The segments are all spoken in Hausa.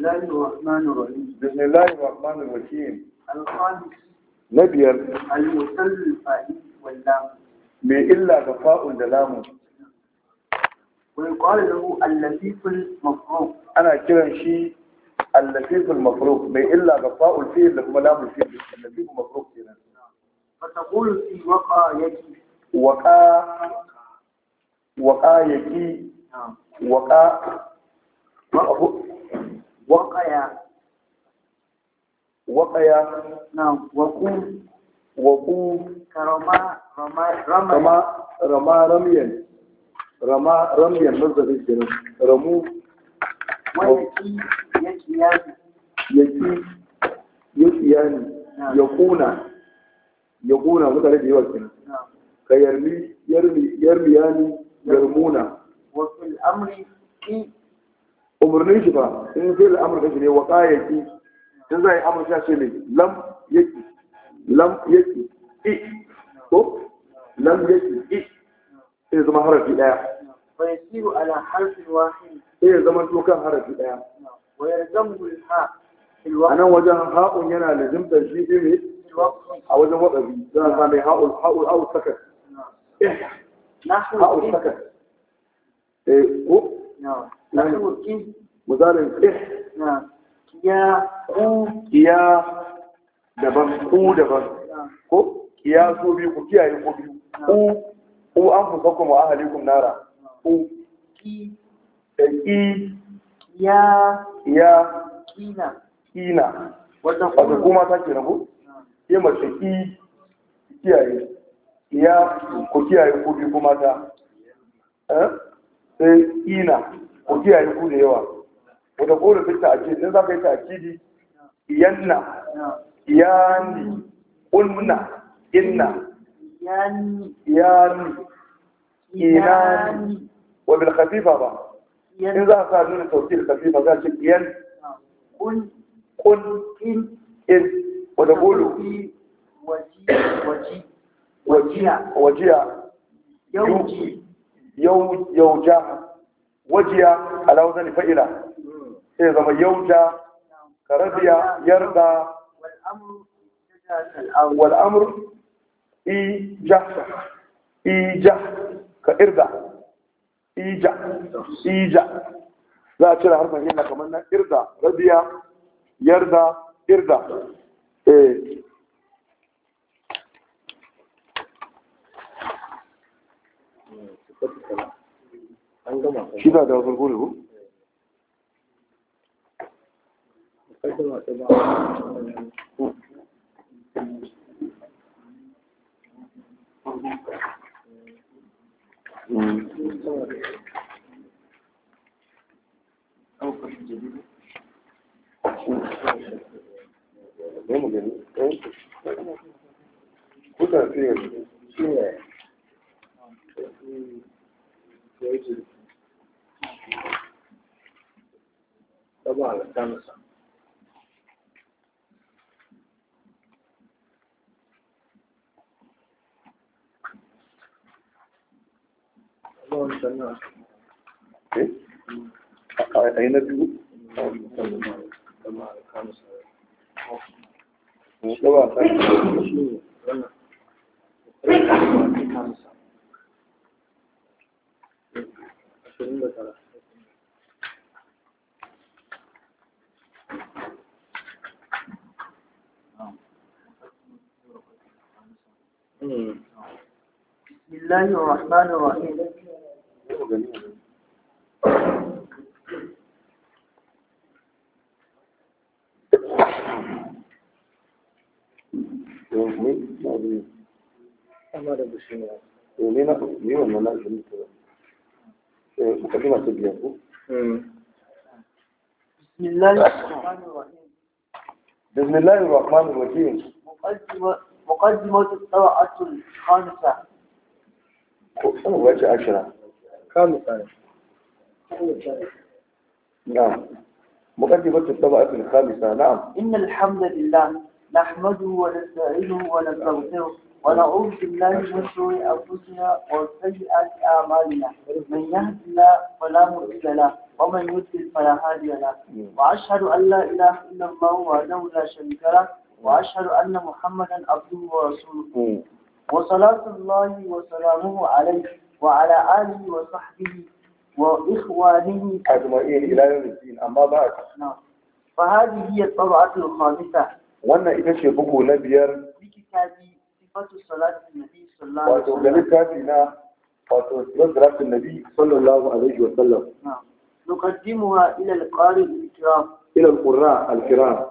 الله الرحمن الرحيم بسم الله الرحمن الرحيم الخامس نبير المسلم واللام من إلا غفاء دلام ويقال له اللطيف المفروض أنا كلا شيء اللطيف المفروض من إلا غفاء الفيل لكم لام الفيل اللطيف المفروض كنا فتقول في وقع يجي وقع وقع يجي وقع waƙaya waƙaya na waƙu waƙu karama rama rama ramyan rama kenan ramu ya kiyani ya ki ya kiyani ya kuna ya kuna mutane da yawa kenan ka yarmi yarmi yarmiyani yarmuna umarnin shi ba in zai da amurka shi ne wa ƙayyaki ta za a yi amurka shi ne lam yaki lam yaki i ko lam yaki i sai zama harafi ɗaya bai siru ala harfin wahi sai zama dokan harafi ɗaya wayar zambul ha a nan wajen ha'un yana da zimtar shi ne a wajen waɗabi zan a mai ha'ul ha'ul ha'ul sakar ha'ul sakar eh, muzarin ƙih ya ku kiya daban ku daban ko kiya so biyu ku kiyaye ku biyu ku ku an fusa nara ku ki eh, ki ya ya wata kuma ta ke rabu ya mace ki kiyaye ya ku kiyaye ku biyu kuma ta eh sai ina ku kiyaye ku da yawa wata kore sai ta'akidi in za ka yi ta'akidi yanna iyani ulmuna inna iyani ina wa bil khafifa ba in za ka nuna tawkil khafifa za ka yan kun kun in in wa da qulu waji waji wajiya wajiya yauji yauja wajiya ala wazan fa'ila sai zama yauja karabiya yarda wal ija ija ka irda ija ija za a cire harfin yana kamar na? irda rabiya yarda irda eh, shi ba da wasu gulu Thank أي بسم الله الرحمن الرحيم ليه ولا لا جميل كده مقدمة بسم الله الرحمن الرحيم بسم الله الرحمن الرحيم مقدمة مقدمة الخامسة خمسة وجه عشرة خامسة نعم مقدمة الطبعة الخامسة نعم إن الحمد لله نحمده ونستعينه ونستغفره ونعوذ بالله من شرور أنفسنا وسيئات أعمالنا من يهد الله فلا مضل له ومن يضلل فلا هادي له وأشهد أن لا إله إلا الله وحده لا شريك له وأشهد أن محمدا عبده ورسوله وصلاة الله وسلامه عليه وعلى آله وصحبه وإخوانه أجمعين إلى يوم الدين أما بعد نعم فهذه هي الطبعة الخامسة وأن إذا شبكوا نبيار بكتابي wato ga littafi na wato sifatu salatin nabi sallallahu alaihi wa sallam نقدمها إلى القارئ الكرام إلى القراء الكرام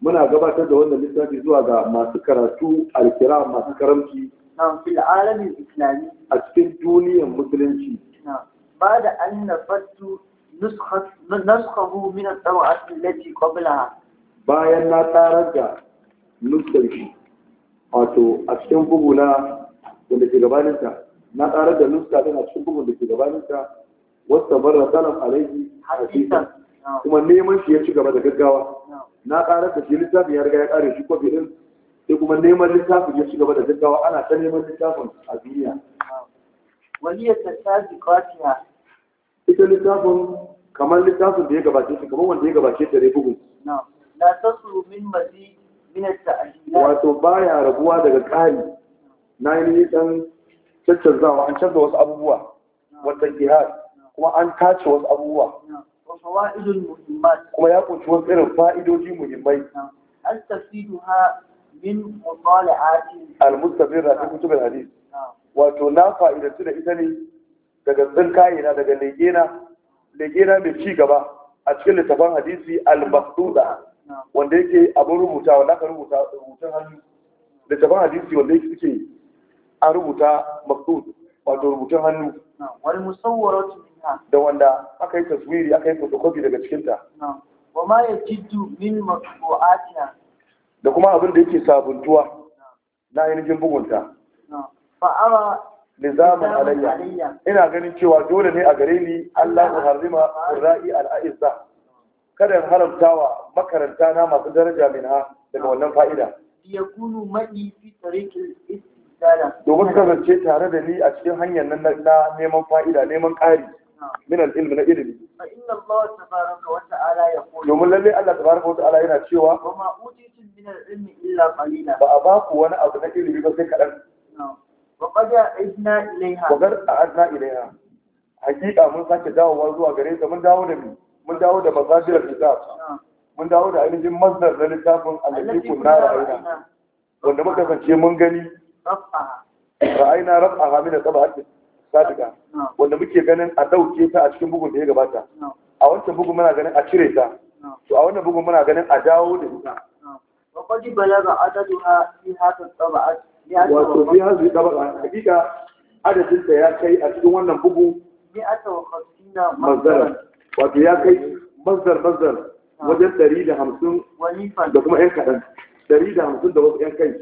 muna gabatar da wannan littafi zuwa ga masu karatu alkira masu karamci Na fil alamin islami a cikin duniyar musulunci ba da an nafattu nuskahu min at-tabi'at allati qablaha bayan na tsarar da nuskan shi wato a cikin bugu na wanda ke gabaninta na ƙarar da nuska din a cikin bugun da ke gabaninta wasta barra salam alaihi hadisan kuma neman shi ya ci gaba da gaggawa na ƙarar da shi littafin ya riga ya kare shi kofi din sai kuma neman littafin ya ci gaba da gaggawa ana ta neman littafin a duniya waliyar tattafi kwatiya ita littafin kamar littafin da ya gabace shi kamar wanda ya gabace ta bugun na tasuru min mazi wato baya rabuwa daga ƙari na yi nisan caccanzawa an canza wasu abubuwa wata jihar kuma an tace wasu abubuwa kuma ya kunshi wasu irin fa'idoji muhimmai min mutala'ati al-mustabirra na kutub al-hadith wato na fa'idatu da ita ne daga kayina daga legena legena mai ci gaba a cikin littafan hadisi al-maqsuda wanda yake abin rubuta wanda aka rubuta rubutun hannu da taban hadisi wanda yake suke a rubuta maktub wato rubutun hannu wal musawwaratu da wanda aka yi taswiri aka yi fotokofi daga cikinta. wa ma yajidu min matbu'atiha da kuma abin da yake sabuntuwa na ainihin bugunta fa'ara ara nizaman alayya ina ganin cewa dole ne a gare ni Allah ya harrima ra'i al kada in haramtawa makaranta na masu daraja min ha daga wannan fa'ida yakunu maɗi fi tarikin istidala domin suka kasance tare da ni a cikin hanyar nan na neman fa'ida neman ƙari min al-ilmi na ilimi fa inna Allah tabaraka wa ta'ala yaqulu domin lalle Allah tabaraka wa ta'ala yana cewa wa ma utitu min al illa qalila ba a ba ku wani abu na ilimi ba sai kaɗan wa qad a'adna ilaiha wa qad a'adna ilaiha hakika mun sake dawowa zuwa gare ta mun dawo da mu mun dawo da mazajirar littafi. mun dawo da ainihin mazdar na littafin alaikun na ra'ayina wanda muka kasance mun gani ra'ayina rafa hamina saba ake sadiga wanda muke ganin a ɗauke ta a cikin bugun da ya gabata a wancan bugun muna ganin a cire ta to a wannan bugun muna ganin a dawo da ita Wato biyar عددها في هذا الطبعة wato fi hazu ɗaba hakika adadinta ya kai a cikin wannan bugu 150 mazara wato ya kai mazdar mazdar wajen ɗari da hamsin da kuma yan kaɗan ɗari da hamsin da wasu yan kai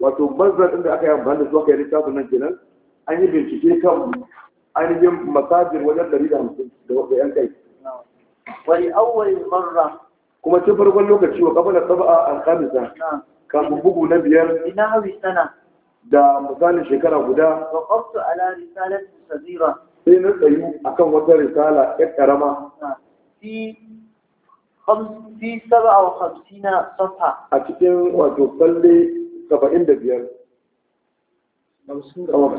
wato mazdar inda aka yi amfani da su aka yi littafin nan kenan an yi bincike kan ainihin masajin wajen ɗari da hamsin da wasu yan kai wani awwalin marra kuma tun farkon lokaci wa kafa da a alhamisa kafin bugu na biyar ina hawi sana da misalin shekara guda wa qaftu ala risalatin sabira sai na tsayu akan wata risala ya karama fi fi saba wa hamsina safa a cikin wato falle saba'in da biyar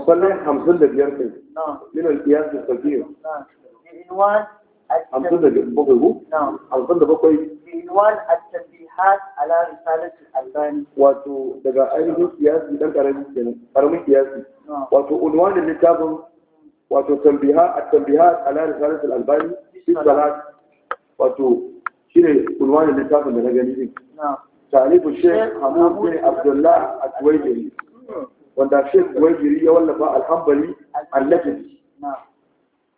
falle hamsin da biyar kai min al-qiyas al hamsin da bakwai ku hamsin da bakwai عنوان التنبيهات على Wato daga ainihin siyasi قياسي دقائق siyasi. Wato عنوان littafin. التنبيهات على رسالة الألباني في نعم. الصلاة واتو شيني قنوان اللي تافل من الأجانب نعم تعليف الشيخ حمود بن عبد الله الكويتري وانت الشيخ الكويتري يولى بقى الحنبلي النجدي نعم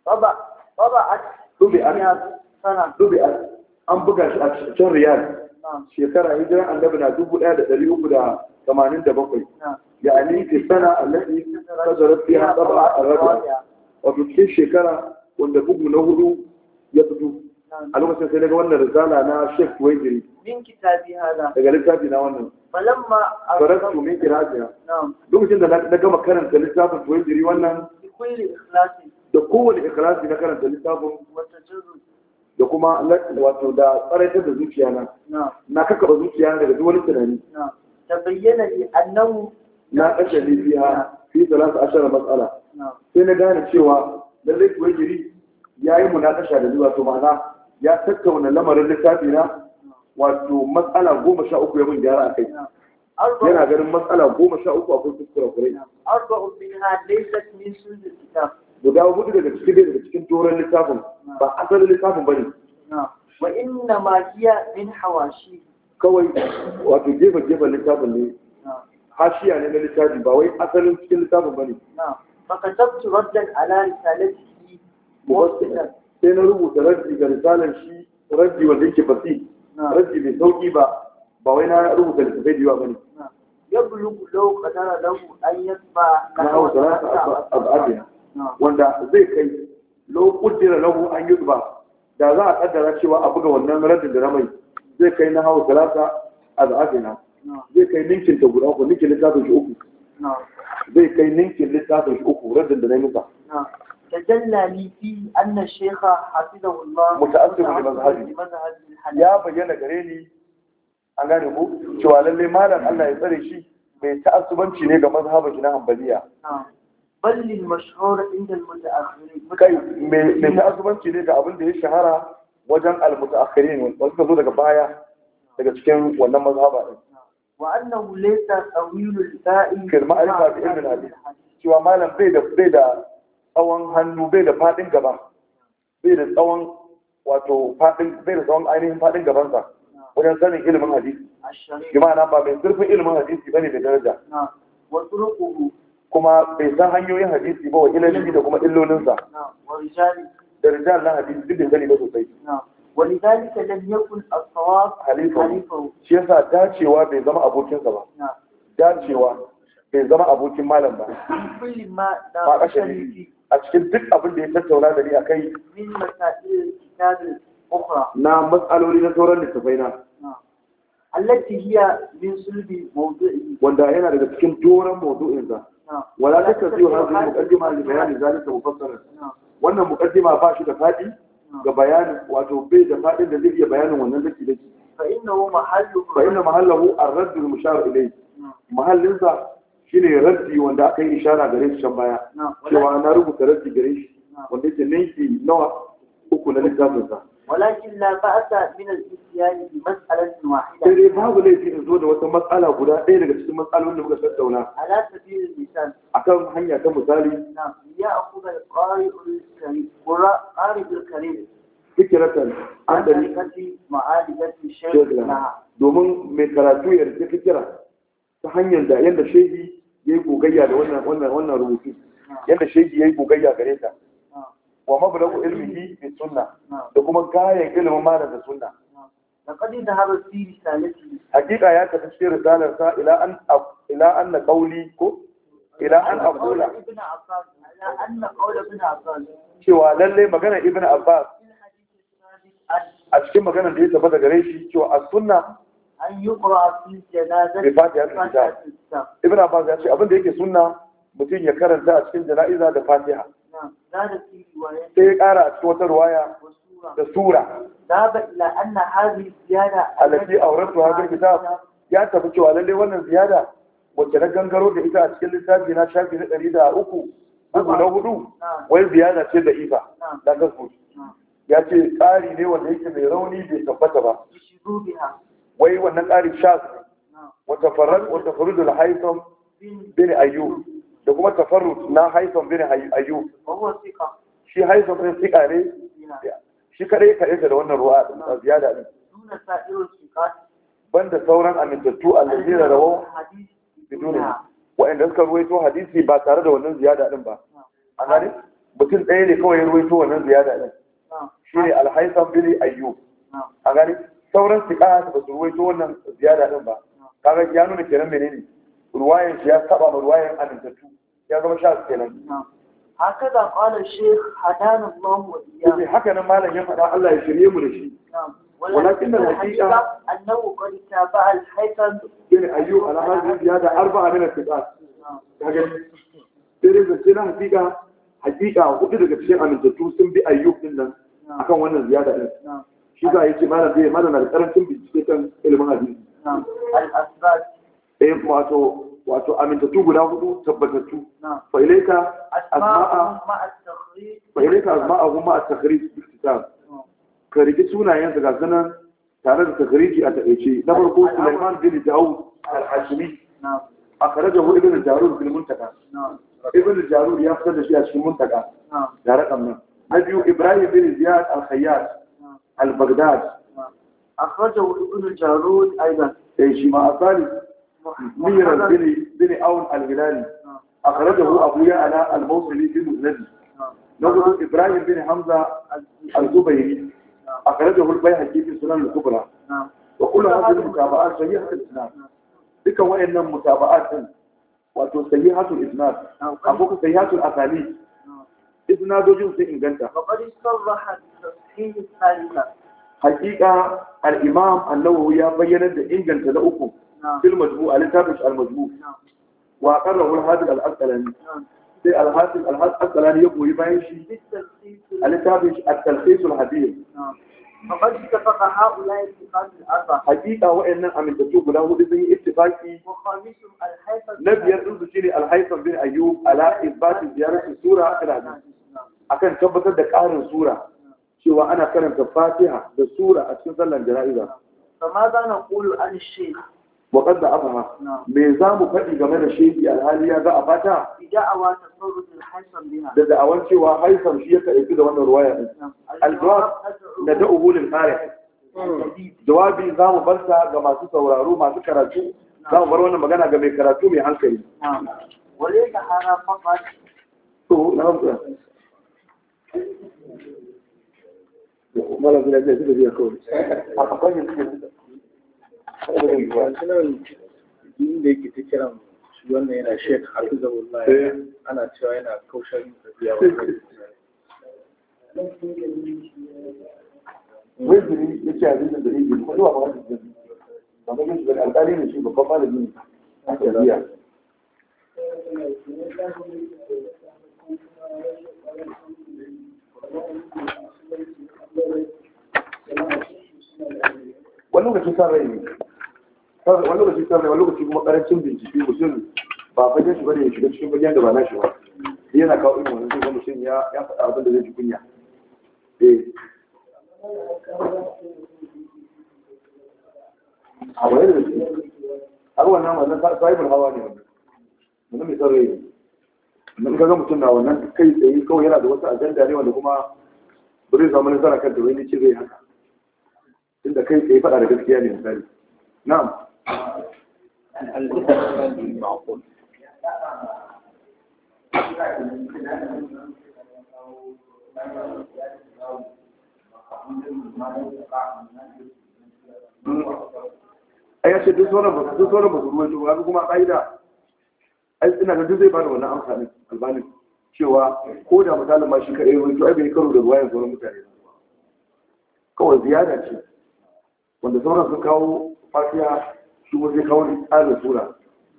طبع طبع أكس طبع أكس طبع أكس أم بقى شن ريال نعم شيخ هجرة أن نبنى دوبو الأهل الذي يقول لها كمانين دبقي نعم يعني في السنة التي تجرت نعم. فيها طبع الرجل نعم. wato cikin shekara wanda bugu na hudu ya fito a lokacin sai daga wannan risala na shek wajiri min kitabi hada daga littafi na wannan falamma faratu min kirajiya lokacin da na gama karanta littafin wajiri wannan da kowane ikhlasi na karanta littafin da kuma wato da tsaraitar da zuciya na na kakaba zuciya daga duk wani tunani ta bayyana ni annahu na ne biya fi ashirar matsala sai na gane cewa lallai giri ya yi munakasha da zuwa to ma'ana ya tattauna lamarin littafi na wato matsala goma sha uku ya mun gyara a kai yana ganin matsala goma sha uku akwai kuskure kurai arba'u minha laysat guda hudu daga cikin daga cikin doron littafin ba asalin littafin ba wa inna ma hiya min hawashi kawai wato gefe gefen littafin ne hashiya ne na littafin ba wai asalin cikin littafin ne. فكتبت ردا على رسالته مبسطا sai na rubuta raddi ga risalar shi raddi wanda yake fasi raddi mai sauki ba ba wai na rubuta littafai da yawa ba ne ya bulugu lau kadara lahu an yasba na wanda zai kai an da za a kaddara cewa a buga wannan raddin da ramai zai kai na hawa talata a za'afina zai kai ninkin ta guda uku ninkin littafin shi uku zai kai ninkin littafin shi uku raddin da na misa tajalla li fi anna shaykha hafizahu Allah muta'assib bi mazhabi ya bayyana gare ni an gane ko cewa lalle malam Allah ya tsare shi mai ta'assubanci ne ga mazhabin shi na Hanbaliya bal mashhur inda al mutaakhirin kai mai ta'assubanci ne ga abin da ya shahara wajen al mutaakhirin wanda suka zo daga baya daga cikin wannan mazhaba din وأنه ليس طويل الباء كالمعرفة بإلم الحديث cewa malam bai da bai da tsawon hannu bai da tsawon wato fadin bai da tsawon ainihin fadin ilimin hadisi bi ba mai zurfin ilimin hadisi bane da daraja kuma bai san hanyoyin hadisi ba wa ilimi da kuma illolinsa da rijal na hadisi duk da ba sosai ولذلك لم يكن الصواب حليفه shi yasa dacewa bai zama abokinsa ba dacewa bai zama abokin malam ba ba kashe a cikin duk abin da ya tattauna da ni a kai na matsaloli na sauran littafai na allati hiya min sulbi mawdu'i wanda yana daga cikin doran mawdu'in sa wala ta kasu hadhihi muqaddima li bayani zalika mufassalan wannan muqaddima ba shi da faɗi. ga bayanin wato bai da faɗin da zai iya bayanin wannan daki daki fa inna mahallahu ar-radd al-mushar ilayhi mahallinsa shine raddi wanda aka yi ishara gare shi can baya cewa na rubuta raddi gare shi wanda yake ninki nawa uku na littafin sa walakin la ba'sa min al-istiyani bi mas'alatin wahida sai dai babu laifi in zo da wata matsala guda ɗaya daga cikin matsalolin da muka tattauna ala sabilil misal akan hanya ta misali na ya akuda qari'ul karim qari'ul karim fikiratan an da rikati ma'alijati shaykhina domin mai karatu ya rike fikira ta hanyar da yadda shehi ya yi gogayya da wannan rubutu ya yi gare ta wa mablagu ilmihi bi sunna da kuma gayan ilimin malam da sunna لقد ذهب في رسالته حقيقة يا كتب في رسالة إلى أن أب... إلى أن قولي كو إلى أن أقول ابن عباس إلى أن قول ابن عباس شو للي مجانا ابن عباس أشكي مجانا ليه تبدا جريشي شو السنة أن يقرأ في جنازة بفاتحة الكتاب ابن عباس يا شيخ أبن ديكي سنة mutum ya karanta a cikin jana'iza da fatiha sai ya ƙara a cikin wata ruwaya da sura alafi ziyada wurin tuwa bin kitab ya tafi cewa lalle wannan ziyada wacce na gangaro da ita a cikin littafi na shafi na ɗari da uku bugu na hudu wai ziyada ce da ifa da gasu ya ce tsari ne wanda yake mai rauni bai tabbata ba wai wannan tsari shafi wata farar wata farudul haifam bin ayyub da kuma tafarrut na haifan bin ayyu shi haifan bin sika ne shi kadai kadai da wannan ruwa a ziyada ne banda sauran amintattu allazina rawu biduni wa'anda suka ruwaito hadisi ba tare da wannan ziyada din ba A gani? mutum ɗaya ne kawai ya ruwaito wannan ziyada din shi ne alhaisan bin ayyu A gani? sauran sika ba su ruwaito wannan ziyada din ba kaga ya nuna kenan menene رواية سياسة طبعا رواية عن الدتو يا رب شاء الله كلام نعم. هكذا قال الشيخ حدان الله وإياه حكى ما لا يفعل الله يشري يوم نعم. الشيء ولكن الحقيقة أنه قد تابع الحيثم يعني أيوه أنا ما زيد هذا أربعة من الثقات نعم. لكن تري بسنا حقيقة حقيقة وقد رجل الشيخ عن الدتو سن بأيوه منا أكون وانا زيادة شيء ذا يجي مالا دي مالا نالك أنا سن بجيسة الإلمان هذه الأسباب إيه فاتو wato amintattu guda hudu tabbatattu fa ilaika asma'a fa ilaika asma'a huma at-takhrij bil oh. ka riki sunayen su ga sanan tare da takhriji a takeice na farko Sulaiman bin Dawud al-Hashimi A kare akhrajahu ibn Jarud bil Muntaka ibn Jarud ya fitar da shi a cikin Muntaka da rakam nan na biyu Ibrahim bin Ziyad al-Khayyat al-Baghdad akhrajahu ibn Jarud aidan sai shi ma asali ميرا بن عون الهلالي أخرجه أبو يعلى الموصلي في مسنده نقول إبراهيم بن حمزة الزبيري أخرجه البيهقي في سنن الكبرى وكل هذه المتابعات صحيحة الإسناد duka wayannan mutaba'at wato sayyihatul isnad abuka sayyihatul asali isnadojin sun inganta faqad sarraha tasheeh al-thalitha haqiqa al-imam an-nawawi ya bayyana da inganta na uku fil majmu a littafin al majmu wa qarrahu al hafiz al asqalani sai al hafiz al asqalani ya goyi bayan shi a littafin al talkhis al hadith فقد اتفق هؤلاء اتفاق الأربعة حقيقة وإن أمن تسوق له لذي اتفاقي وخامسهم الحيثم نبي يرد شيني الحيثم بن أيوب على إثبات زيارة السورة آخر أكن تبتر دكار السورة شوى أنا كلمة فاتحة بالسورة أتكن صلى الجنائزة فماذا نقول عن الشيخ وقد ضعفها ميزام faɗi game da shehi alhali ya ga abata da'awa tasarruf al-haisam da da'awan cewa haisam shi ya kai da wannan ruwaya din al-jawab da da'uhu lil qarih jawabi zamu barsa ga masu sauraro masu karatu zamu bar wannan magana ga mai karatu mai hankali inda yake ta kiran shi wannan yana shek hafiza wallahi eh. ana cewa yana kaushar yin tafiya wannan ya ce abin da zai yi kuma zuwa ba jin ba ga shi bari alƙali ne shi babban malami a tafiya Thank you. wani san rai ne wani lokaci san rai wani lokaci kuma karancin bincike mutum ba fage shi bane ya shiga cikin fagen da ba na shi ba yana kawo irin wannan zai mutum ya ya faɗa abin da zai ji kunya eh a wani da shi har wannan wannan sahibul hawa ne wannan mutum mai san rai ne mun ga mutum na wannan kai tsaye kawai yana da wasu ajanda ne wanda kuma ba zai samu nasara kan da wani ce zai haka inda kai tsaye faɗa da gaskiya ne misali na'am a yace duk sauran ba duk sauran ba su kuma shi ba kuma ƙa'ida ai ina ga duk zai bada wannan amsa ne albani cewa ko da misalin ma shi kaɗai wani shi ai bai karo da yanzu wani mutane kawai ziyara ce wanda sauran sun kawo fasiya shi kuma kawo ne tsarin sura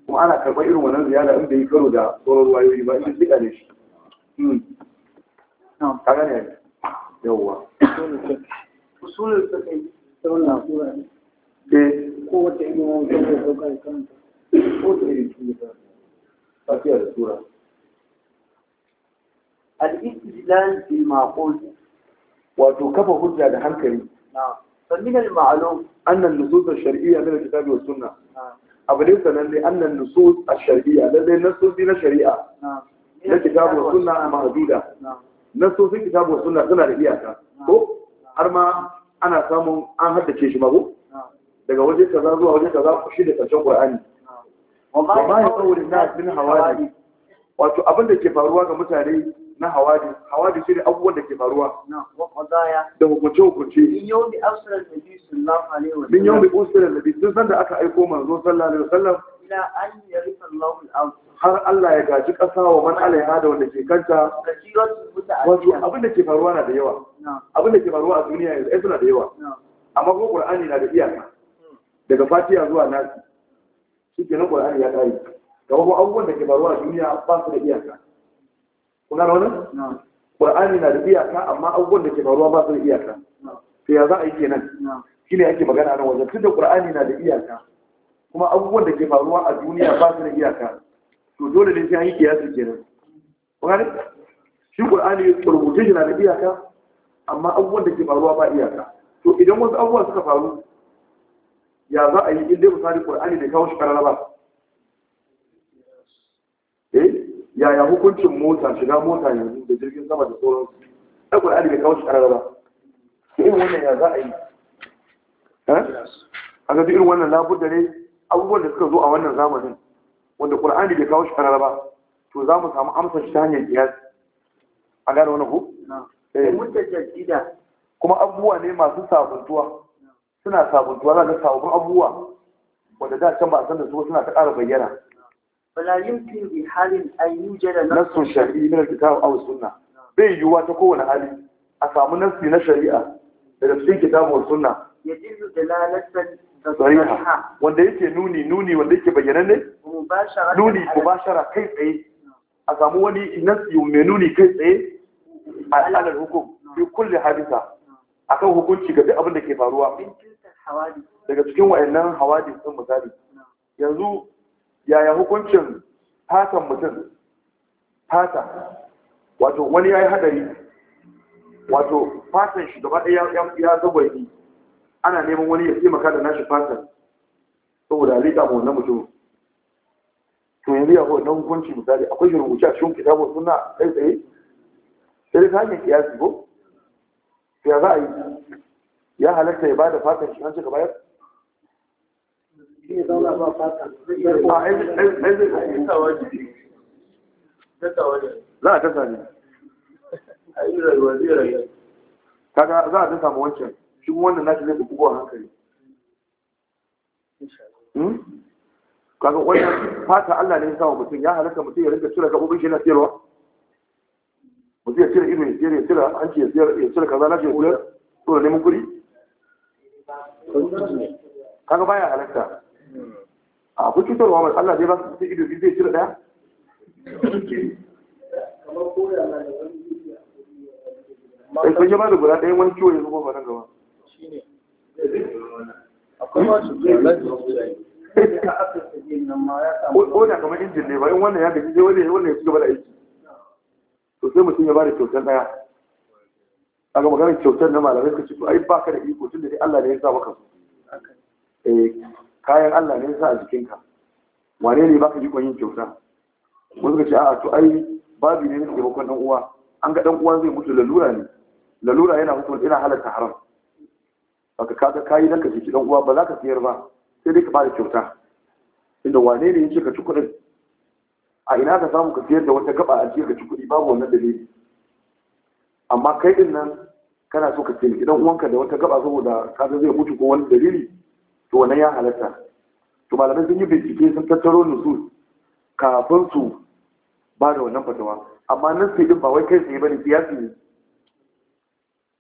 kuma ana karɓar irin wannan ziyara inda yi karo da sauran ruwayoyi ba inda zika ne shi hmm. ka gane yawwa usulul fiqh sauran sura eh ko wata irin wannan da dauka kanta ko da irin fatiha da sura al-istidlal bil maqul wato kafa hujja da hankali na'am فمن المعلوم أن النصوص الشرعية من الكتاب والسنة أبو ليس أن النصوص الشرعية لدي النصوص دين الشريعة من الكتاب والسنة محدودة نصوص الكتاب والسنة سنة لإياك أرما أنا سامو أن هذا الشيء مغو daga waje kaza zuwa waje kaza shi da karshen Qur'ani wa ma yaqulu nas min hawali wato abin da ke faruwa ga mutane na hawadi hawadi shi ne abubuwan da ke faruwa da hukunce hukunce min yau da asirar da bi sallallahu alaihi wasallam min yau da sanda aka aiko manzo sallallahu alaihi wasallam ila an yarisa Allahu al-ard har Allah ya gaji kasa wa man alaiha da wanda ke kanta wato abin da ke faruwa na da yawa abin da ke faruwa a duniya yanzu ai suna da yawa amma ko Qur'ani na da iyaka hmm. daga fatiya zuwa Nasi nan Qur'ani ya kare ga wasu abubuwan da ke faruwa a duniya ba su da iyaka kun gano wannan na da iyaka amma abubuwan da ke faruwa ba su da iyaka to ya za a yi kenan shine ake magana nan wajen tunda qur'ani na da iyaka kuma abubuwan da ke faruwa a duniya ba su da iyaka to dole ne sai an yi kiyasi kenan kun gane shi qur'ani rubuce shi na da iyaka amma abubuwan da ke faruwa ba iyaka to idan wasu abubuwa suka faru ya za a yi in dai misali qur'ani bai kawo shi karara ba eh yaya hukuncin mota shiga mota yanzu da jirgin sama da sauransu ta ƙwararri alibi kawai shi ba ba irin wannan ya za a yi a ga irin wannan labur da ne abubuwan da suka zo a wannan zamanin wanda ƙwararri bai kawo shi ƙarar ba to za mu samu amsar shi ta hanyar kiyas a gane wani ku? Eh. kuma abubuwa ne masu sabuntuwa suna sabuntuwa za ga sabuntuwa abubuwa wanda da can ba a san da su suna ta ƙara bayyana فلا يمكن بحال ان يوجد نص شرعي من الكتاب او السنه بي yiwuwa ta kowane hali a samu الشريعه na الكتاب da يدل دلاله sunna ya يكي نوني نوني وده يكي nuni nuni wanda yake bayyananne nuni mubashara kai tsaye a samu wani nassi mai nuni kai tsaye a hukum akan hukunci ga abin da ke faruwa daga cikin wayannan hawadi sun misali yanzu yaya hukuncin fatan mutum fata wato wani ya yi hadari wato fatan shi da ɗaya ya zagwai ana neman wani ya taimaka da nashi fatan saboda halitta mu na mutum to yanzu ya na hukunci misali akwai shi rubuce a cikin kitabu suna kai tsaye sai dai ta kiyasi ko ya za a yi ya halatta ya ba da fatan shi an ce ka bayar shi zauna ba fata za a tasa ne kaga za a tasa ma wancan shi wannan nashi zai bugu a hankali hmm? kaga wannan fata Allah ne ya sawa mutum ya halaka mutum ya rinka cire gabobin shi na siyarwa mutum ya cire ido ya cire ya cire hanci ya cire ya cire kaza na shi ya cire to neman kuɗi kaga baya halatta a kuki tarwa mai Allah zai ba su cikin ido biyu zai cire daya sai sun yi ma da guda ɗaya wani ciwo ya zubo ba nan gaba ko da kamar injin ne bayan wannan ya gaji sai wannan wannan ya ci gaba da aiki to sai mutum ya ba da kyautar daya a ga maganar kyautar na malamai suka ce to ai ka da iko tun da dai Allah ne ya sa maka su eh. kayan Allah ne sa a jikinka wane ne baka yi yin kyauta suka ce a'a to ai babu ne ne taimakon dan uwa an ga dan uwa zai mutu lalura ne lalura yana hukunta yana halarta haram baka kaga kayi dan ka ci dan uwa ba za ka siyar ba sai dai ka bada kyauta inda wane ne yake ka ci kuɗin a ina ka samu ka siyar da wata gaba a jiya ka ci kuɗi babu wannan dalili amma kai din nan kana so ka taimaki dan uwanka da wata gaba saboda kaga zai mutu ko wani dalili to wannan ya halatta to malamai sun yi bincike sun tattaro nusus kafin su ba da wannan fatawa amma nan sai din ba wai kai tsaye bane siyasi ne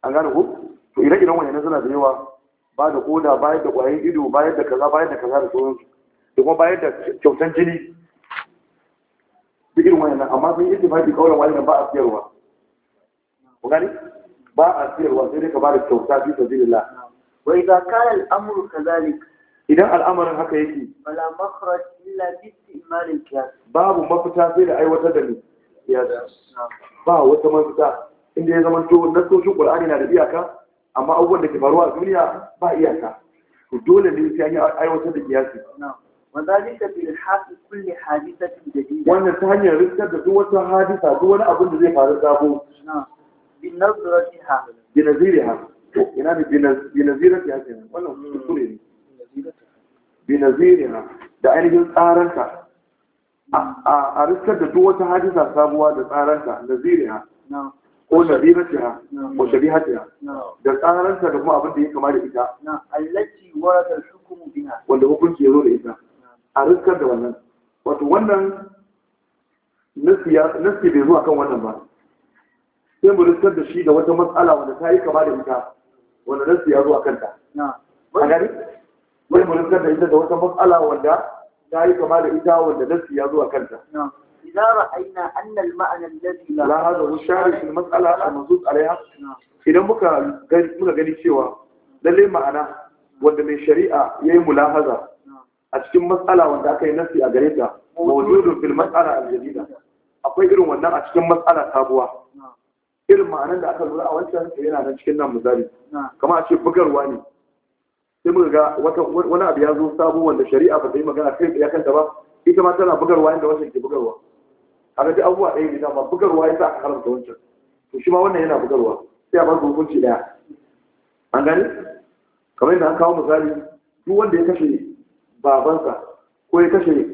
an gane ko to ire iren wannan suna da yawa ba da koda bayar da kwayoyin ido bayar da kaza bayar da kaza da sauransu da kuma bayar da kyautan jini duk irin wannan amma sun yi ittifaqi kaulan wannan ba a siyarwa ku gani ba a siyarwa sai dai ka ba da kyauta bi sabilillah wa idza kana al-amru kadhalik idan al'amarin haka yake wala makhraj illa bi istimal al-qiyas babu mafita sai da aiwatar da ni ba wata mafita inda ya zama to nasoshin qur'ani na da iyaka amma abubuwan da ke faruwa a duniya ba iyaka to dole ne sai an yi aiwatar da kiyasi وذلك بالحق كل حادثة جديدة وانا wani رسالة da zai faru أبن ذي فارغ دابو بنظرتها بنظيرها ina ne binazirar ya ce wannan hmm. kuskure ne binazirina da ainihin tsaranta a riskar da duk wata hadisa sabuwa da tsaranta nazirina ko shabihatiha ko shabihatiha da tsaranta da kuma abin da ya kama da ita allati warada hukumu biha wanda hukunci ya zo da ita a riskar da wannan wato wannan nasi bai zuwa kan wannan ba sai mu riskar da shi da wata matsala wanda ta yi kama da ita wanda nasu ya zo a kanta a gani mu mulkar da ita da wata matsala wanda ta yi kama da ita wanda nasu ya zo a kanta إذا رأينا أن المعنى الذي لا هذا هو الشارع في المسألة المنصوص عليها إذا muka gani cewa lalle ma'ana wanda mai shari'a ya yi mulahaza a cikin matsala wanda aka yi nasi a gare ta mawujudun fil matsala al-jadida akwai irin wannan a cikin matsala sabuwa irin ma'anar da aka lura a wancan eh, yana nan cikin nan misali kama a ce bugarwa ne sai muka ga wani abu ya zo sabo wanda shari'a ba ta yi magana kai tsaye kanta ba ita ma tana bugarwa yadda wancan ke bugarwa kaga duk abubuwa ɗaya ne dama bugarwa ya sa aka haramta wancan to shi ma wannan yana bugarwa sai a bar hukunci ɗaya an gani kamar yadda an kawo misali duk wanda ya kashe babansa ko ya kashe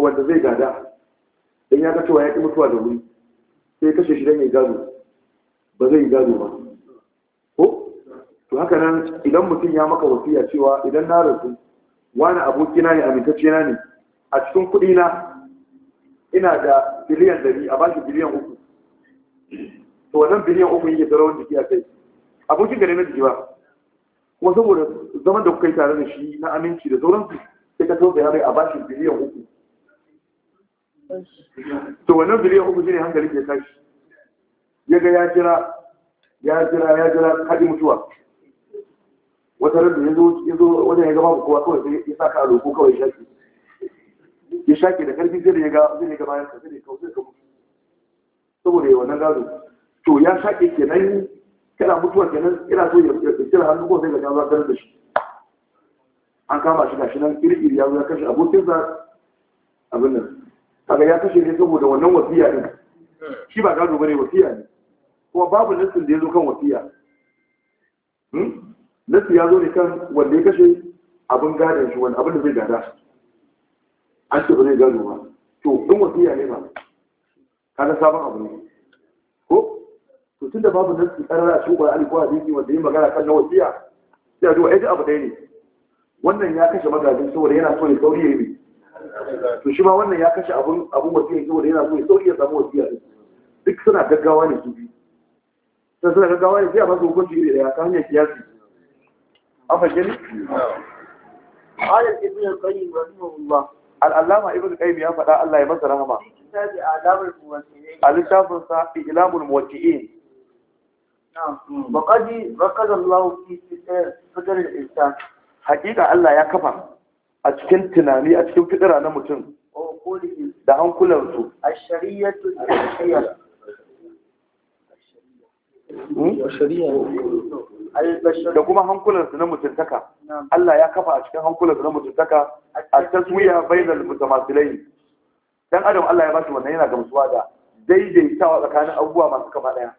wanda zai gada in ya ga cewa ya ƙi mutuwa da wuri sai kashe shi don ya gado ba zai gado ba ko to haka nan idan mutum ya maka wasiya cewa idan na rasu wani abokina ne amintacce na ne a cikin kuɗi na ina da biliyan dari a bashi biliyan uku to wannan biliyan uku yake tsarawar jiki a kai abokin gare na jiki ba kuma saboda zaman da kuka yi tare da shi na aminci da sauransu sai ka da yare a bashi biliyan uku to wannan bilion uku shine hankali ke tashi ya ga ya jira ya jira ya jira kaɗi mutuwa wata ran ya zo wajen ya ga kowa kawai sai ya saka a ko kawai shaki ya shaki da karfi zai da ya ga zai ga bayan ka sai da kawai sai ka mutu saboda yawan nan gado to ya shaki kenan kana mutuwa kenan ina so ya kira hannu ko sai ga ta zo da shi an kama shi gashi nan iri-iri ya zo ya kashe abokinsa abin nan kaga ya kashe ne saboda wannan wasiya din shi ba gado bane wasiya ne kuma babu nassin da ya zo kan wasiya hmm? nassi ya zo ne kan wanda ya kashe abin gadon shi wani abin da zai gada an ce ba zai gado ba to in wasiya ne ba kaga sabon abu ne ko to tun da babu nassi karara a cikin alifu a jiki wanda ya magana kan na wasiya sai a ya ji abu ɗaya ne wannan ya kashe magajin saboda yana so ya sauri ya yi to shi ma wannan ya kashe abun abun wasiya saboda yana so sauki ya samu wasiya duk suna gaggawa ne su biyu sai suna gaggawa ne sai a masu hukunci iri daya ta hanyar kiyasi a fashe ne ayat ibn al-qayyim rahimahullah al-allama ibn qayyim ya faɗa Allah ya masa rahama a littafin sa ilamul muwatti'in وقد ركز الله في ستر الإنسان حقيقة Allah ya kafa. a cikin tunani a cikin fitira na mutum da hankulansu hmm? da kuma hankulansu na mutuntaka Allah ya kafa a cikin hankulansu na mutuntaka a taswiya masu mutamasilai dan adam Allah ya basu wannan yana gamsuwa da daidaitawa tsakanin abubuwa masu kama daya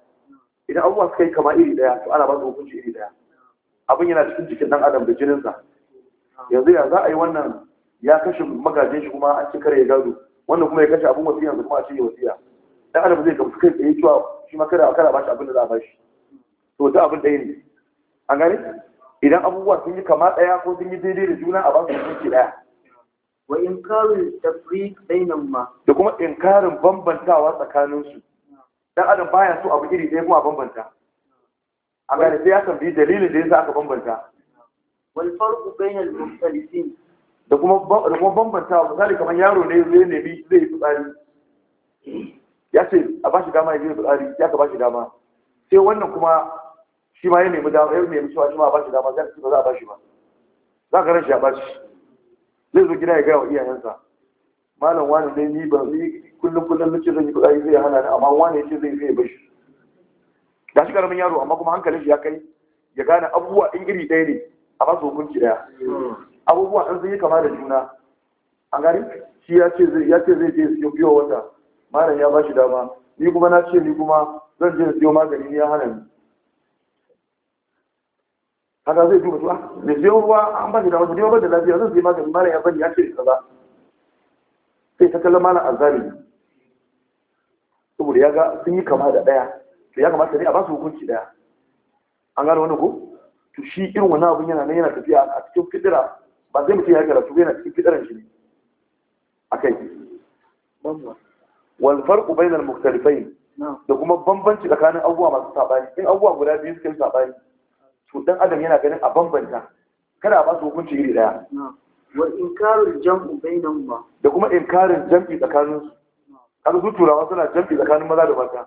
idan abubuwa suka yi kama iri daya to ana ba su hukunci iri daya abin yana cikin jikin dan adam da jininsa yanzu ya za a yi wannan ya kashe magaje shi kuma an ce kare ya gado wannan kuma ya kashe abin wasu yanzu kuma a ce ya wasiya dan adam zai gamsu kai tsaye cewa shi ma kada kada ba shi abin da za a bashi to ta abin ɗaya ne an gani, idan abubuwa sun yi kama ɗaya ko sun yi daidai da juna a ba su hukunci ɗaya wa inkarin tafriq bainan ma da kuma inkarin bambantawa tsakanin su dan adam baya so abu iri ɗaya kuma a bambanta a gani sai ya tambayi dalilin da yasa aka bambanta والفرق بين المختلفين mukhtalifin da kuma da kuma bambanta misali kamar yaro ne zai nemi zai fitsari ya ce a bashi dama ya je fitsari ya ka bashi dama sai wannan kuma shi ma ya nemi dama ya nemi cewa shi ma a bashi dama zai ba za a bashi ba za ka rashi a bashi zai zo gida ya gaya wa iyayensa malam wani dai ni ba ni kullum kullum nace zan yi fitsari zai hana ni amma wani ce zai zai bashi da shi karamin yaro amma kuma hankalin shi ya kai ya gane abubuwa in iri ɗaya ne a ba su hukunci daya hmm. abubuwa ɗan sun yi kama da juna an gari shi ya ce zai je siyo biyo wata malam ya ba shi dama ni kuma na ce ni kuma zan je siyo magani ni ya hana ni haka zai duba suwa ah, da siyo ruwa an ba shi dama ne ba da lafiya zan siyo magani malam ya bani ya ce kaza sai ta kallon malam azali saboda ya ga sun yi kama da ɗaya to ya kamata ne a ba su hukunci ɗaya an gano wani ko to shi irin wani abun yana nan yana tafiya a cikin fidira ba zai mutum ya karatu yana cikin fidiran shi ne a kai farko bai nan mukhtalifain da kuma bambanci tsakanin abubuwa masu saɓani in abubuwa guda biyu suka yi saɓani to dan adam yana ganin a bambanta kada a ba su hukunci iri daya wa inkarin jam'u bainahuma da kuma inkarin jam'i tsakanin su kaga su turawa suna jam'i tsakanin maza da mata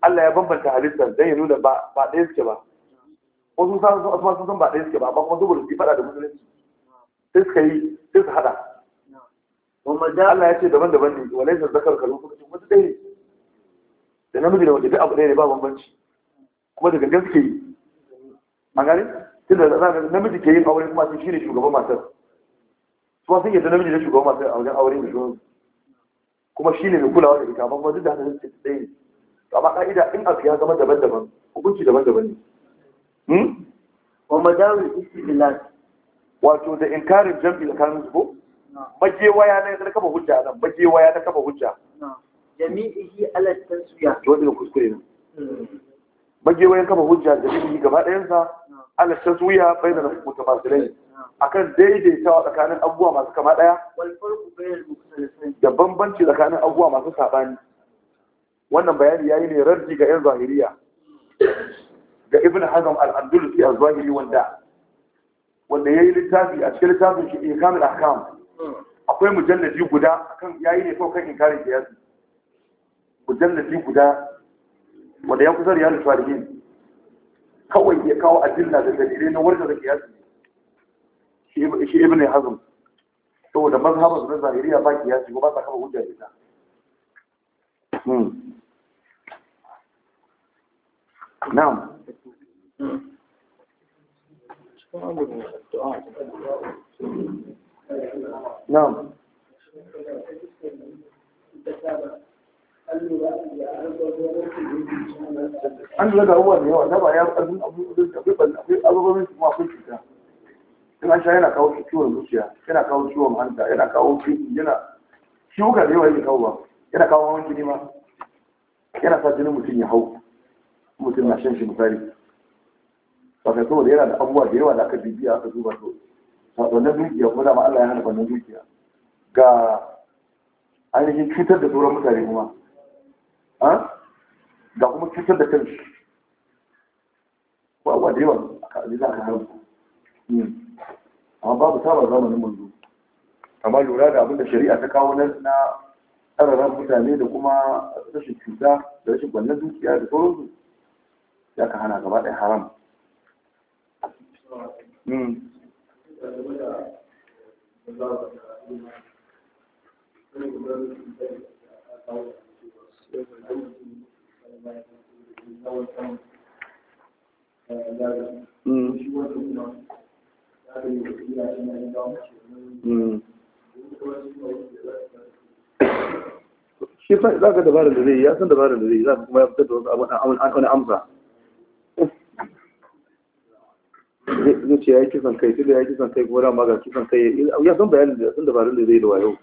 Allah ya bambanta halittar dan ya nuna ba ba ɗaya suke ba su sa su asma sun san ba ɗaya suke ba amma kuma saboda su faɗa da musulunci sai suka yi sai su haɗa wannan da Allah ya ce daban-daban ne walai da zakar kalu suka ce wata ɗaya da namiji da wanda duk abu ɗaya ne ba bambanci kuma da gangan suke yi a gani tun da za namiji ke yin aure kuma sun shi ne shugaban matar su ma sun yadda namiji da shugaban matar a wajen aure da shugaban kuma shi ne mai kulawa da ita amma kuma duk da hannun su ɗaya ne amma ka'ida in abu ya zama daban-daban hukunci daban-daban ne Hmm? wa madawil istidlal wato da inkarin jam'i kan su ko waya na da kafa hujja nan waya da kafa hujja jami'i ala tansuya to wanda kuskure ne hmm. waya kafa hujja jami'ihi gaba ɗayan sa ala tansuya bayan da mutamasilai akan daidaitawa tsakanin abubuwa masu kama ɗaya da bambanci tsakanin abubuwa masu saɓani wannan bayani ya yi ne raddi ga 'yan zahiriya hmm. da ibn hazm al-andalusi az-zahiri wanda wanda yayi littafi a cikin littafin shi ikamul ahkam akwai mujalladi guda akan yayi ne kawai kan inkarin qiyas mujalladi guda wanda ya kusa riyadu salihin kawai ya kawo adilla da dalilai na warka da qiyas shi ibn hazm saboda mazhabar na zahiriya ba qiyas ko ba sa kama hujja ita نعم hmm. نعم an lura da abubuwa da yawa na ba ya ƙarfin abubuwan su ma akwai cuta in an sha yana kawo ciwon zuciya yana kawo ciwon hanta yana kawo ciwon yana ciwuka da yawa yake kawo ba yana kawo hawan jini ma yana sa jinin mutum ya hau mutum na shan shi misali baka saboda yana da abubuwa da yawa da aka bibiya aka duba to wannan dukiya kuma dama Allah ya hana wannan dukiya ga ainihin cutar da sauran mutane kuma ga kuma cutar da kanshi ko abuwa da yawa a abin za ka haramta hmm. amma babu saba zamanin manzo amma lura da abin da shari'a ta kawo nan na tsararran mutane da kuma rashin cuta da rashin wannan dukiya da sauransu ya ka hana gaba ɗaya haram Hmm. Hmm. Hmm. shi fa za ka dabarar da zai yi ya san dabarar da zai yi za ka kuma ya fitar da wasu abu wani amsa zuciya ya yi kisan kai tunda ya yi kisan kai kuma dama ga kisan kai ya zan bayanin da sun dabarun da zai da wayo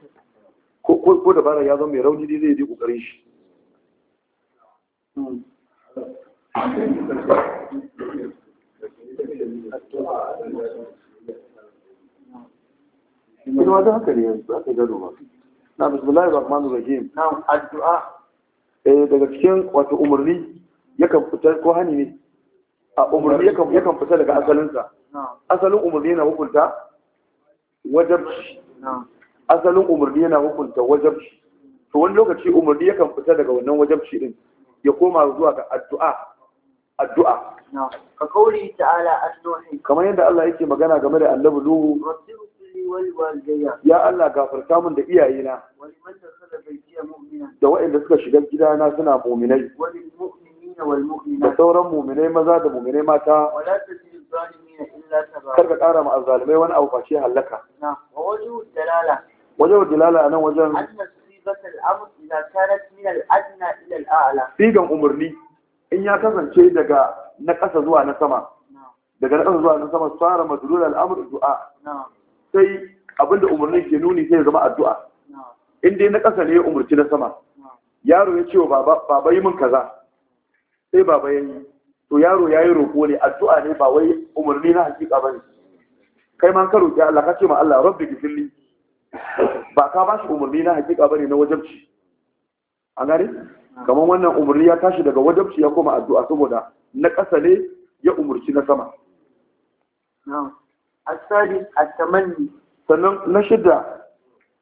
ko dabarar ya zan mai rauni ne zai yi kokarin shi Ina ma haka ne yanzu aka gado ba. Na bismillahir rahmanir rahim. Na addu'a. Eh daga cikin wata umarni yakan fitar ko hani ne. a umarni yakan fita daga asalinsa asalin umarni yana hukunta wajabci asalin umarni yana hukunta wajabci to wani lokaci umarni yakan fita daga wannan wajabci din ya koma zuwa ga addu'a addu'a ka kauri ta'ala annuhi kamar yadda Allah yake magana game da annabi Nuhu ya Allah gafarta min da iyayena da wa'anda suka shiga gidana suna muminai da sauran muminai maza da muminai mata kar ka ƙara ma zalimai wani abu face halaka wajen dalala a nan wajen sigan umarni in ya kasance daga na ƙasa zuwa na sama daga na ƙasa zuwa na sama tsara madulul al'amur du'a sai abinda umarni ke nuni sai zama addu'a in dai na ƙasa ne ya umarci na sama yaro ya ce wa baba yi min kaza sai baba ya yi to yaro ya yi roƙo ne addu'a ne ba wai umarni na hakika ba ne kai ma ka roƙi Allah ka ce ma Allah rabbi gifilli ba ka ba shi umarni na hakika ba ne na wajabci A gare? kamar wannan umarni ya tashi daga wajabci ya koma addu'a saboda na ƙasa ne ya umarci na sama asali a sannan na shidda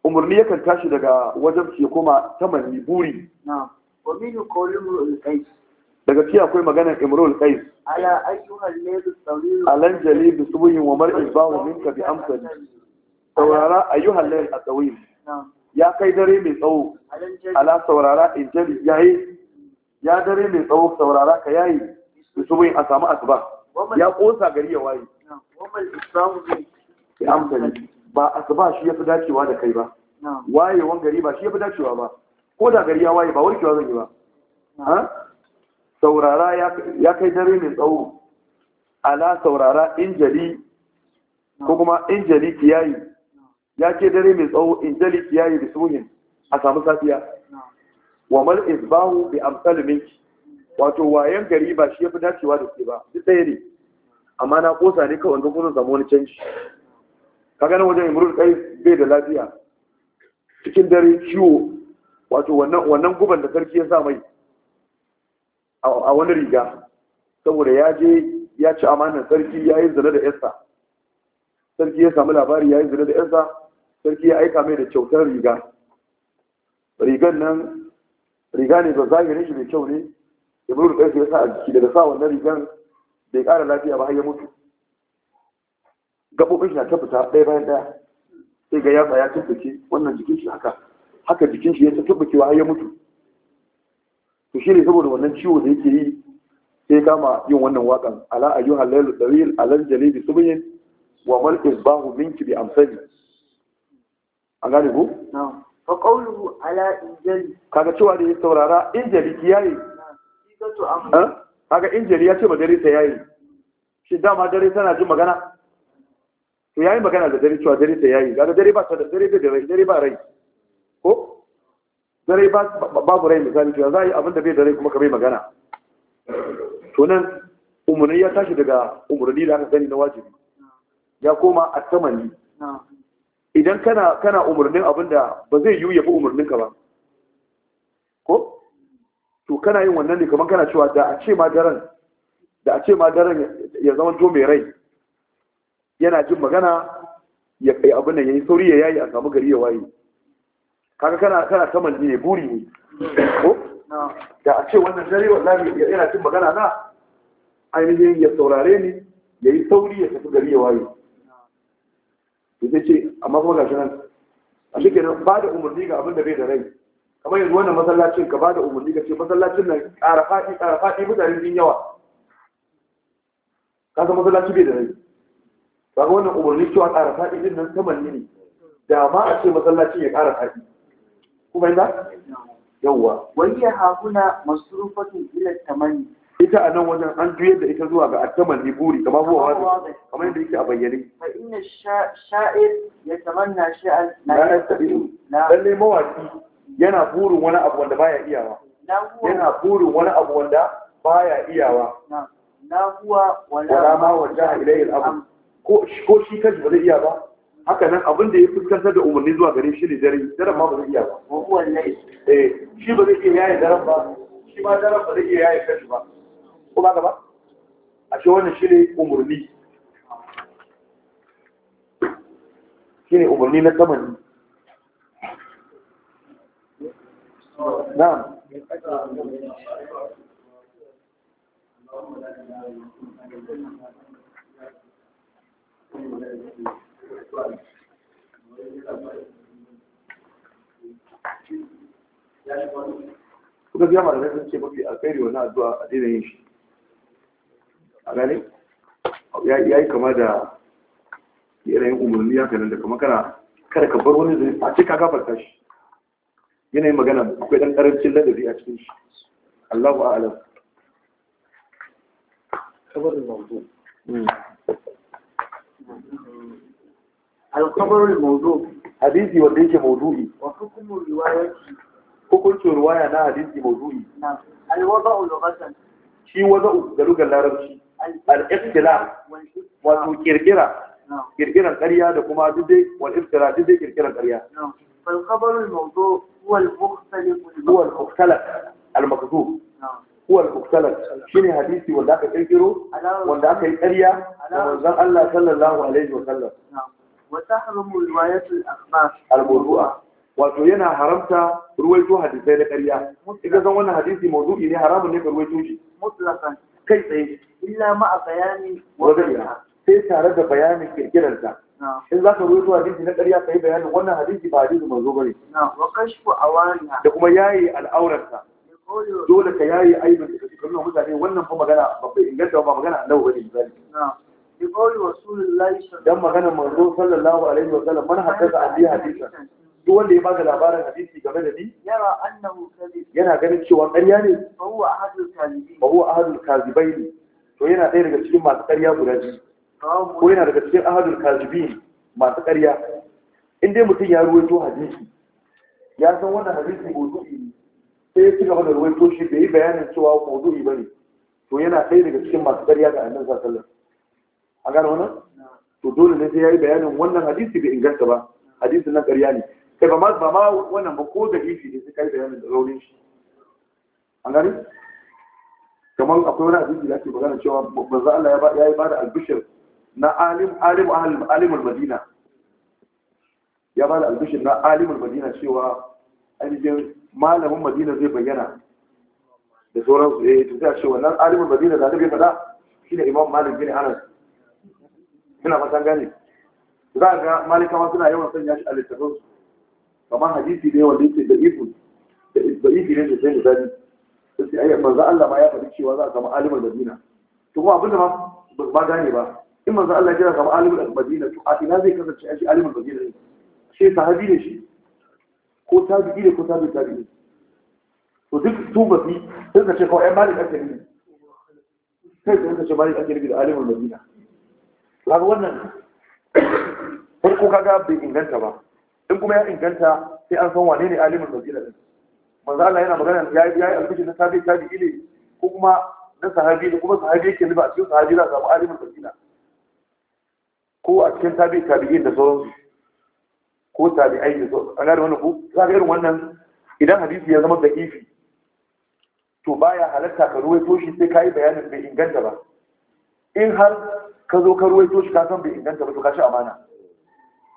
umarni yakan tashi daga wajabci ya koma tamanni buri na wa minu qawlu al-qais daga ciki akwai maganar imrul kai ala ayyuhal layl tawil alan jalib subhin wa mar'i ba'u minka bi amsali saurara ayyuhal layl tawil ya kai dare mai tsawo ala saurara jali yayi ya dare mai tsawo saurara ka yayi subhin a samu asuba ya kosa gari ya waye bi amsali ba asuba shi yafi dacewa da kai ba wayewan gari ba shi yafi dacewa ba ko da gari ya waye ba warkewa zan yi ba saurara ya kai dare mai tsawo ala saurara injali ko kuma injali kiyayi ya ke dare mai tsawo injali kiyayi da suhin a samu safiya wa mal isbahu bi amsal minki wato wayan gari ba shi yafi dacewa da ke ba duk ɗaya ne amma na kosa ne kawai don kusan samu wani canji ka nan wajen imrul kai bai da lafiya cikin dare ciwo wato wannan guban da sarki ya sa mai a wani riga saboda ya je ya ci amanin sarki ya yi zina da yasa sarki ya sami labari ya yi zina da yasa sarki ya aika mai da kyautar riga rigan nan riga ne ba zahirin shi mai kyau ne ya buru da ya sa a jiki daga sa wannan rigan bai ƙara lafiya ba har ya mutu gaɓoɓin shi na tabbata ɗaya bayan ɗaya sai ga yatsa ya tabbace wannan jikin shi haka haka jikin shi ya ta wa har ya mutu to shi ne saboda wannan ciwo da yake yi sai kama yin wannan waƙan ala ayyuhal layl dawil alal jalibi subyin wa mal isbahu minki bi amsali an gane ko fa qawluhu ala injali kaga cewa da ya saurara injali ki yayi kaga injali ya ce ba dare ta yayi shi dama dare tana jin magana to yayi magana da dare cewa dare ta yayi kaga dare ba ta da dare da dare ba rai dare babu rai misali cewa za a yi abin da bai da rai kuma ka bai magana to nan umarni ya tashi daga umarni da aka sani na wajibi ya koma a tamani idan kana kana umarnin abin da ba zai yiwu ya fi ka ba ko to kana yin wannan ne kamar kana cewa da a ce ma daren da a ce ma daren ya zama to mai rai yana jin magana ya kai abin nan yayi sauri ya yayi a samu gari ya waye kaga kana kana kamar ne buri ne ko da a ce wannan dare wallahi ya ina cin magana na ainihin ya saurare ni ya yi sauri ya tafi gari ya waye ya ce amma kuma gashi nan a shi kenan ba da umarni ga abin da bai da rai kamar yanzu wannan masallacin ka ba da umarni ga ce masallacin nan ƙara faɗi ƙara faɗi mutane sun yawa ka san masallaci bai da rai ba wannan umarni cewa ƙara faɗi din nan saman ne da ma a ce masallacin ya ƙara faɗi kuma ba yawwa wani ya hahuna masurufatun ila tamani ita a nan wajen an juyar da ita zuwa ga attaman buri kama huwa wani kamar yadda yake a bayyane fa inna sha'ir ya tamanna sha'al na ya tabi'u lalle mawaki yana burin wani abu wanda baya iyawa yana burin wani abu wanda baya iyawa na huwa wala ma wajaha ilayhi al-amr ko shi kashi ba zai iya ba haka nan abin da ya fuskantar da umarni zuwa gare shi ne dare dare ma ba zai iya ba eh shi ba zai iya yaye dare ba shi ma daren ba zai iya yaye kashi ba ko ba gaba a shi wannan shi ne umarni shi ne umarni na tsamani na'am Thank you. kuma biya malamai sun ce mafi alkhairi wani addu'a a daina yin shi a gane ya yi kama da yanayin umarni ya kanan da kama kana kada ka bar wani zai a ka gafarta shi yanayin magana akwai ɗan ƙarancin ladabi a cikin shi Allahu a'alam kabarin mafi alkabarul mawdu hadisi wanda yake mawdu'i wa hukumul riwayati hukuncin riwaya na hadisi mawdu'i alwada'u lughatan shi wada'u da lugar larabci al-ikhtilaf wato kirkira kirkiran karya da kuma duk dai wal iftira duk dai kirkiran ƙarya fal khabarul mawdu' huwa al-mukhtalif huwa al-mukhtalif al-makdhub huwa al shi ne hadisi wanda aka kirkiro wanda aka yi ƙarya da manzon Allah sallallahu alaihi wa sallam وتحرم رواية الأخبار الموضوعة wato yana haramta ruwaito hadisai na ƙarya ita zan wannan hadisi mawdu'i ne haramun ne ka ruwaito shi mutlaqan kai tsaye illa ma a bayani wadaiha sai tare da bayanin ta. in za ka ruwaito hadisi na ƙarya ka yi bayanin wannan hadisi ba hadisi manzo bane wa kashfu awariha da kuma yayi al'aurarsa dole ka yayi aibin da kake nuna mutane wannan fa magana babba inganta ba magana annabi bane misali bi qawli rasulillahi dan magana manzo sallallahu alaihi wa sallam man haddatha an bi duk wanda ya baka labarin hadisi game da ni yana annahu kadhib yana ganin cewa ƙarya ne fa huwa ahadul kadhibin fa huwa ahadul kadhibain to yana ɗaya daga cikin masu ƙarya guda biyu ko yana daga cikin ahadul kadhibin masu ƙarya in dai mutum ya ruwaito hadisi ya san wannan hadisi mawdu'i ne sai ya ci gaba da ruwaito shi bai yi bayanin cewa ba bane to yana ɗaya daga cikin masu ƙarya ga annabi sallallahu alaihi wasallam a gane wannan to dole ne sai ya yi bayanin wannan hadisi bai inganta ba hadisin nan ƙarya ne kai ba ma ba ma wannan ba ko da hifi ne sai kai bayanin da raunin shi an gani kamar akwai wani hadisi da ake magana cewa manzo Allah ya ba yi bada albishir na alim alim alim madina ya bada albishir na alimul madina cewa ainihin malamin madina zai bayyana da sauransu eh to sai a ce wannan alimul madina da annabi faɗa shine imam malik bin anas ina fatan gane za a ga malikawa suna yawan sanya shi a littafinsu kamar hadisi ne wanda yake da ifin da ifin ne sosai da dadi sai ayyar manzo Allah ma ya faɗi cewa za a samu da dina to kuma abinda ma ba gane ba in manzo Allah ya samu alimul madina to a ina zai kasance shi alimar da dina shi sahabi ne shi ko tabi'i ne ko tabi ta ne to duk su fi sun ka ce kawai ai malik ake ne. sai ka ce malik ake ne da alimul madina kaga wannan farko kaga bai inganta ba in kuma ya inganta sai an san wane ne alimin fadila din manzo Allah yana magana ya yi alƙiji na sabi sabi ile ko kuma na sahabi da kuma sahabi yake ne ba a cikin sahabi za a samu alimin fadila ko a cikin tabi tabi'in da sauransu ko tabi'ai da sauransu an gane wannan ko za ka irin wannan idan hadisi ya zama da ifi to baya halatta ka ruwaito shi sai ka yi bayanin bai inganta ba in har ka zo ka ruwaito shi ka san bai inganta ba to ka shi amana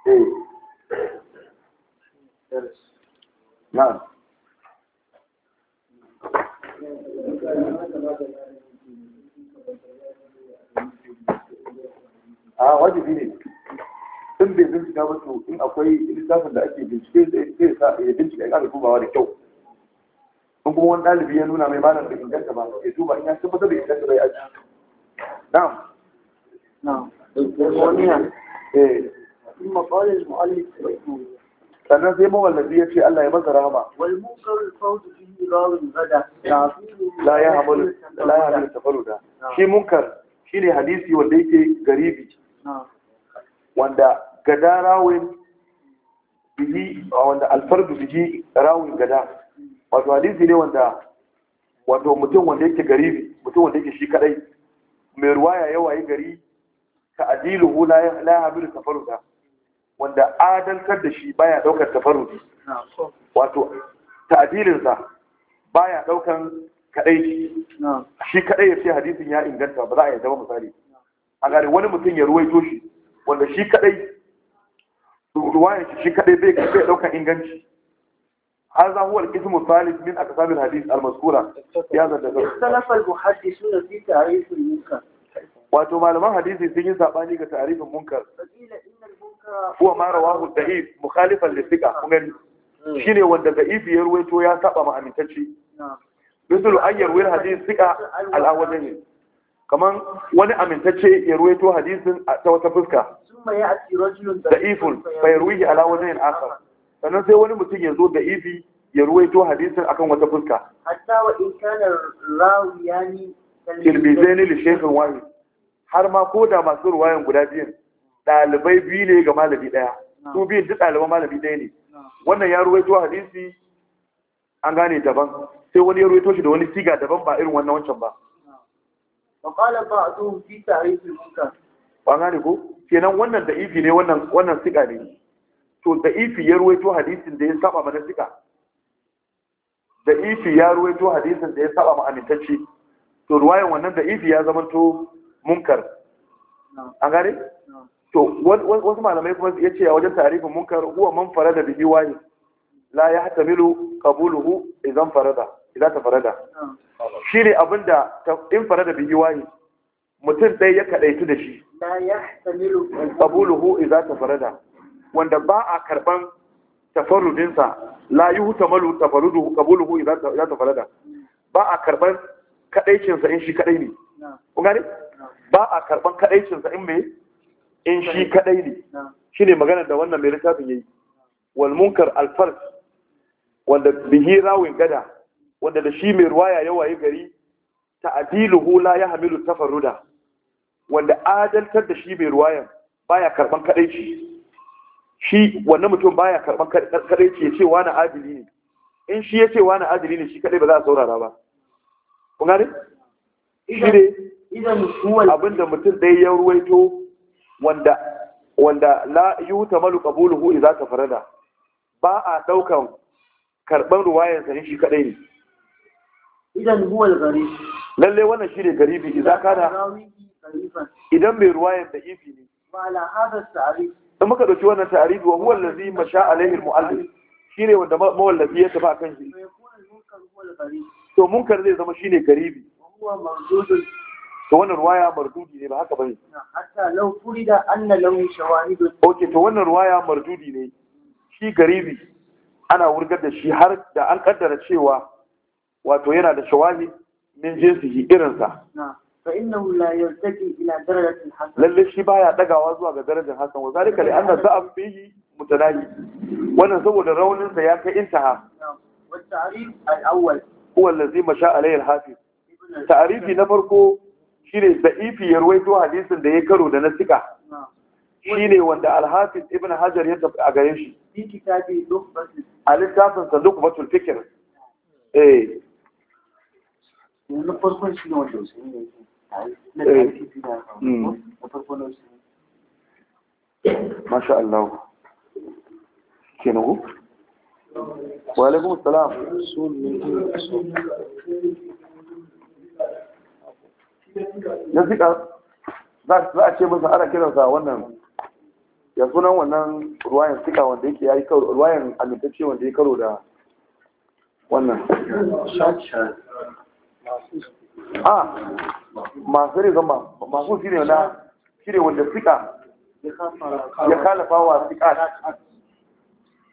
eh na'am a ah, wajibi ne in bai bincika ba to in akwai littafin da ake bincike zai sa ya bincika ya ƙara dubawa da kyau in kuma wani ɗalibi ya nuna mai malam bai inganta ba ya duba in ya tabbatar da inganta bai aji na'am المؤلف sannan sai mawallafi ya ce Allah ya masa rahama la ya hamalu la ya hamalu tafaruda shi munkar ne hadisi wanda yake garibi wanda gada rawin bihi wanda bihi rawin gada wato hadisi ne wanda wato mutum wanda yake mutum wanda shi kadai mai ruwaya yawa yi gari ta'diluhu la la hamilu tafarruda wanda adaltar da shi baya daukar tafarrudi wato ta'dilin sa baya daukan kadai shi kadai yace hadisin ya inganta ba za a yi zama misali a gare wani mutum ya ruwaito shi wanda shi kadai ruwayan shi kadai bai kai daukan inganci هذا هو الاسم الثالث من al الحديث ya في هذا الدرس اختلف المحدثون في تعريف المنكر wato malaman hadisi sun yi sabani ga ta'arifin munkar kuwa ma rawahu da'if mukhalifan lisika kun gani hmm. shine wanda da'if ya ruwaito ya saba ma amintacci misalu an yarwi hadisi sika ne. kaman wani amintacce ya ruwaito hadisin ta wata fuska da'ifun fa yarwihi ala wajhin akhar sannan sai wani mutum ya zo da'ifi ya ruwaito hadisin akan wata fuska hatta wa in kana rawiyani tilmizaini li shaykhin wahid har ma ko da masu ruwayan guda biyun ɗalibai biyu ne ga malami ɗaya su biyun duk ɗaliban malami ɗaya ne wannan ya ruwaito hadisi an gane daban sai wani ya ruwaito shi da wani siga daban ba irin wannan wancan ba faƙala ba a zuwa fi tarihin munkar ba gane ko kenan wannan da ifi ne wannan wannan siga ne to da ifi ya ruwaito hadisin da ya saba mana siga da ifi ya ruwaito hadisin da ya saba ma amintacce to ruwayan wannan da ifi ya to. munkar an gane to wasu malamai kuma ya ce a wajen tarifin munkar huwa man farada bihi ne, la ya hata milu, kabuluhu, idan farada idan ta farada shine abinda in farada bihi ne, mutum ɗai ya kaɗaitu da shi la ya hata milu, kabuluhu, idan ta farada wanda ba a karɓan tafarudinsa la yi malu, tafarudu kabuluhu, idan ta farada ba a karɓan kaɗaicinsa in shi kaɗai ne kun gane ba a karban kadaicinsa in me in shi kadai ne Shi ne maganar da wannan mai littafin ya wal munkar al wanda bihi rawin gada wanda da shi mai ruwaya ya waye gari hula ya hamilu tafarruda wanda adaltar da shi mai ruwayan baya karban kadaici shi wannan mutum baya karban kadaici ya ce wani adili ne in shi ya ce wani adili ne shi kadai ba za a saurara ba kun gane shi ne abinda mutum dai ya ruwaito wanda wanda la yutamalu qabuluhu ta farada ba a daukan karban ruwayar sa shi kadai ne idan huwa al gari lalle wannan shi ne garibi ka da idan mai ruwayar da ifi ne ma la hada ta'rif muka dauki wannan ta'rif wa huwa allazi masha alaihi al shi ne wanda mawallafi ya tafi akan shi to munkar zai zama shi ne garibi to wannan ruwaya mardudi ne ba haka bane hatta law furida anna lahu shawahidu okay to wannan ruwaya mardudi ne shi garibi ana wurgar da shi har da an kaddara cewa wato yana da shawahid min jinsihi fa innahu la يرتقي ila darajati hasan lalle shi baya dagawa zuwa ga darajar hasan wa zalika li anna za'am fihi mutanahi wannan saboda raunin sa ya kai intaha wa ta'rif al-awwal huwa allazi masha'a alayhi al-hafiz ta'rifi na farko shine da ifi ya ruwaito hadisin da ya karo da na sika shine wanda alhafiz ibn hajar ya tafi a gare shi a littafin duk batul fikir eh na farkon shi ne wanda na zika za a ce masa ana kiransa wannan ya sunan wannan ruwayan sika wanda yake ya yi karo ruwayan amintacce wanda ya karo da wannan a ah, masu ne zama masu shi ne na shi ne wanda sika ya kalafa wa sika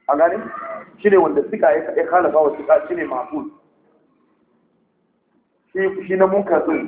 a gani shi ne wanda sika ya kalafa wa sika shi ne masu shi na munkatun